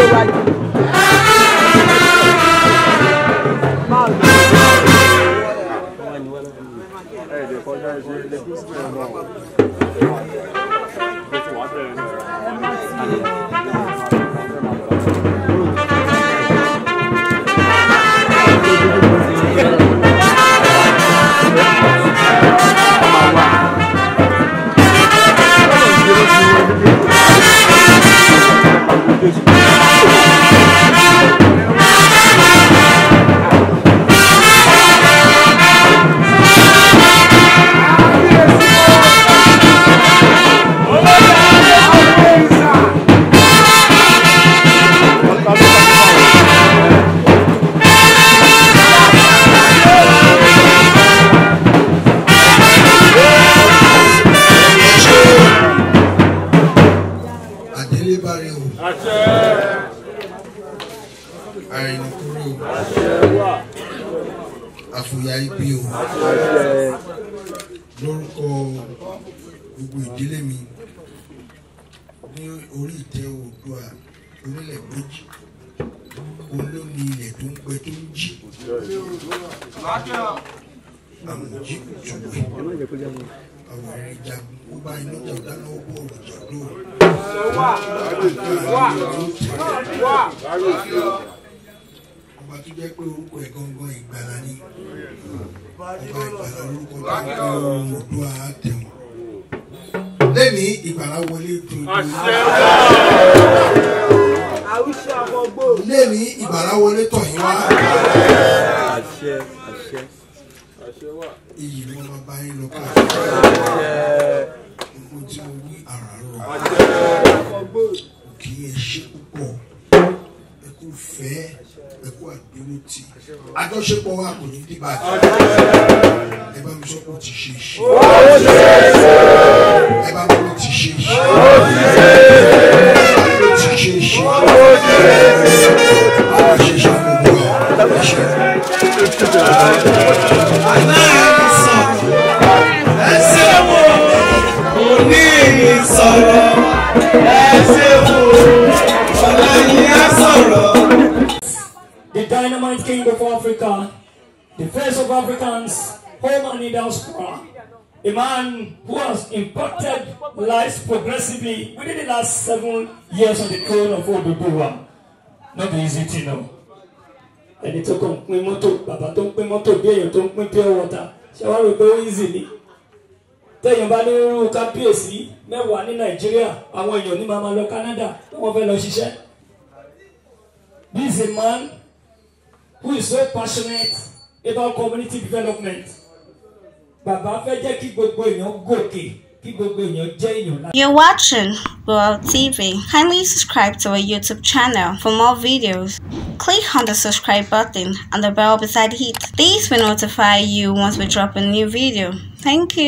ayé wa yìí. Thank you. àìrìnkúrò àfòyà ibi o lórúkọ gbogbo ìdílé mi ní orí ìtẹ́ Oòduà orílẹ̀ méjì olómi ilẹ̀ tó ń pẹ́ tó ń jì àwọn òjì kùtùwẹ̀ àwọn ẹ̀rìn jagun ó bá iná jàgbá náà ó bọ̀ wà wà wà. ọba tó jẹ́ pé orúkọ ẹ̀ gangan ìgbàlá ni ọba ìgbàlá orúkọ tó ń bá ọmọ ọdún àátẹ̀wọ̀n lẹ́ni ìgbàlá wọlé tòótọ́ lẹ́ni ìgbàlá wọlé tọ̀yìn wá iyì ni yín lọ káàkiri gbogbo tí mo wí ara rọ kì í ṣe púpọ̀ ẹ kú fẹ́ ẹ kú àdéhùn tì àjọṣepọ̀ wa kò ní dìbàjẹ́ ẹ bá mi sọ pé ó ti ṣe iṣẹ́ ẹ bá mi sọ pé ó ti ṣe iṣẹ́ ó ti ṣe iṣẹ́ ó ti ṣe iṣẹ́ gbogbo ẹ ṣe. sọ̀rọ̀ ẹ ṣe fò ọ̀la yìí á sọ̀rọ̀. The dynamite king of Africa, the face of Africans, home and in diaspora, a man who has impacted lives progressively within the last seven years on the throne of Oduduwa. Not easy to know. Ẹni tó kàn ń pín mọ́tò, bàbá tó ń pín mọ́tò bí èèyàn tó ń pín pure water, ṣé wàá rò pé ó easy ni? tẹ̀yìn bá ní irú kábíyèsí mẹ́wàá ní nàìjíríà àwọn èèyàn ní lọ Canada wọ́n fẹ́ lọ ṣiṣẹ́. This is a man who is so passionate about community development. Bàbá fẹ́ jẹ́ kí gbogbo èèyàn gòkè. You're watching World TV. Kindly subscribe to our YouTube channel for more videos. Click on the subscribe button and the bell beside it. These will notify you once we drop a new video. Thank you.